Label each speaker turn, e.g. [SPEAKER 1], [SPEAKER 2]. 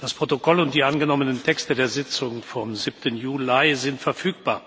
[SPEAKER 1] das protokoll und die angenommenen texte der sitzung vom. sieben juli sind verfügbar.